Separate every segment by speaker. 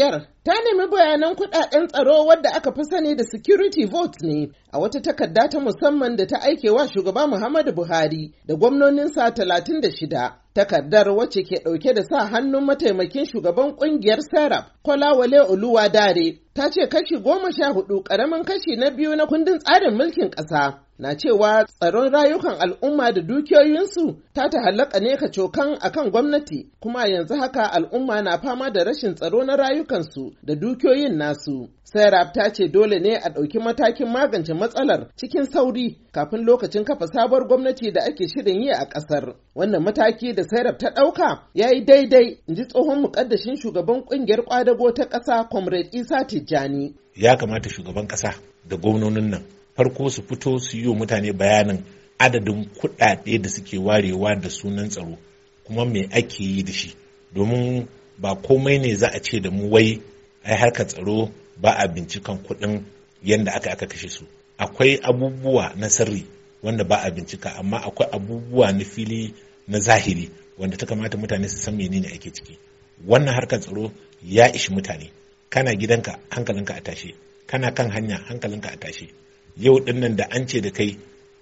Speaker 1: kungiyar ta nemi bayanan kudaden tsaro wadda aka fi sani da security vote ne a wata takarda ta musamman da ta aike wa shugaba Muhammadu Buhari da gwamnoninsa shida. Takardar wacce ke ɗauke da sa hannun mataimakin shugaban ƙungiyar Serap Kolawale Dare? ta ce kashi goma sha hudu karamin kashi na biyu na kundin tsarin mulkin ƙasa na cewa tsaron rayukan al'umma da dukiyoyinsu ta ta tahallaka ne ka cokan akan gwamnati kuma yanzu haka al'umma na fama da rashin tsaro na rayukansu da dukiyoyin nasu. Sairab ta ce dole ne a ɗauki matakin magance matsalar cikin sauri kafin lokacin kafa sabuwar gwamnati da ake shirin yi a ƙasar. Wannan mataki da Sairab ta ɗauka ya yi daidai in ji tsohon muƙaddashin shugaban ƙungiyar ƙwadago ta ƙasa Comrade Isa Tijjani.
Speaker 2: Ya kamata shugaban ƙasa da gwamnonin nan farko su fito su yi wa mutane bayanin adadin kuɗaɗe da suke warewa da sunan tsaro kuma me ake yi da shi domin ba komai ne za a ce da mu wai ai harkar tsaro ba a bincikan kuɗin yadda aka aka kashe su akwai abubuwa na sirri wanda ba a bincika amma akwai abubuwa na fili na zahiri wanda ta kamata mutane su san menene ake ciki wannan harkar tsaro ya ishi mutane kana gidanka hankalinka a tashe kana kan hanya hankalinka a tashe yau dinnan da an ce da kai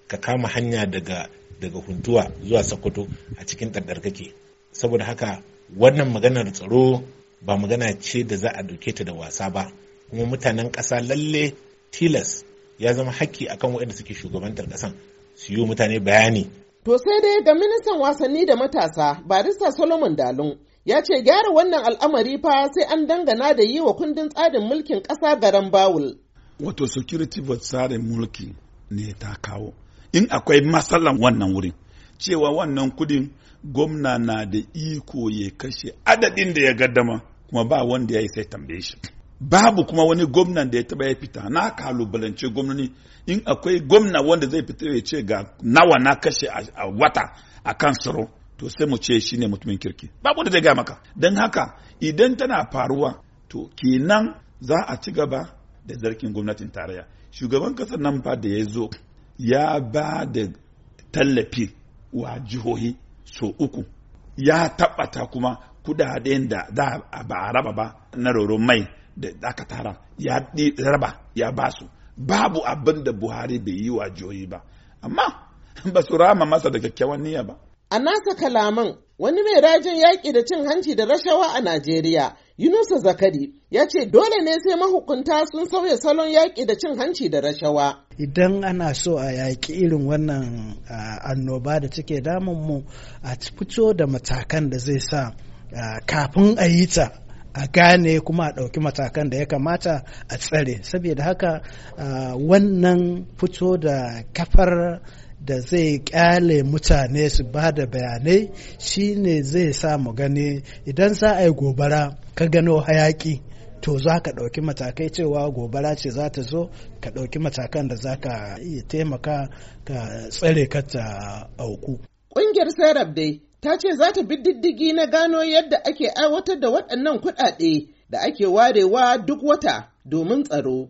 Speaker 2: ka kama hanya daga daga huntuwa zuwa sokoto a cikin ɗarɗar kake saboda haka wannan maganar tsaro ba magana ce da za a ɗauke ta da wasa ba kuma mutanen ƙasa lalle tilas ya zama hakki akan waɗanda suke shugabantar ƙasan su yi mutane bayani
Speaker 1: to sai dai ga ministan wasanni da matasa barista solomon dalun ya ce gyara wannan al'amari fa sai an dangana da yi wa kundin tsarin mulkin ƙasa garan bawul
Speaker 3: wato security board tsarin mulki ne ta kawo in akwai matsalan wannan wurin cewa wannan kudin gwamna na da iko ya kashe adadin da ya gaddama kuma ba wanda ya yi sai tambaye shi babu kuma wani gwamnan da ya taba ya fita na kalubalance gwamnani in akwai gwamna wanda zai fita ya ce ga nawa na kashe a wata a kan tsaro to sai mu ce shi ne mutumin kirki babu wanda zai gaya maka don haka idan tana faruwa to kenan za a ci gaba da zarkin gwamnatin tarayya shugaban kasar nan fa da ya zo ya ba da tallafi wa jihohi so uku ya tabbata kuma kudaden da za a ba raba ba na roron mai da aka tara ya raba ya ba su babu abin da buhari bai yi wa jihohi ba amma ba su rama masa da kyakkyawan niyya ba a
Speaker 1: nasa kalaman wani mai rajin yaƙi da cin hanci da rashawa a najeriya Yunusa Zakari ya ce dole ne sai mahukunta sun sauya salon yaƙi da cin hanci da rashawa.
Speaker 4: Idan ana so a yaƙi irin wannan annoba da take damunmu a fito da matakan da zai sa kafin a yi ta a gane kuma a ɗauki matakan da ya kamata a tsare. Saboda haka wannan fito da kafar da zai kyale mutane su ba da bayanai shine zai sa mu gani idan za a yi gobara ka gano hayaki to za ka ɗauki matakai cewa gobara ce za ta zo ka ɗauki matakan da za ka iya taimaka ka tsare ka ta auku.
Speaker 1: Ƙungiyar Serap dai ta ce za ta bi diddigi na gano yadda ake aiwatar da waɗannan kuɗaɗe da ake warewa duk wata domin tsaro.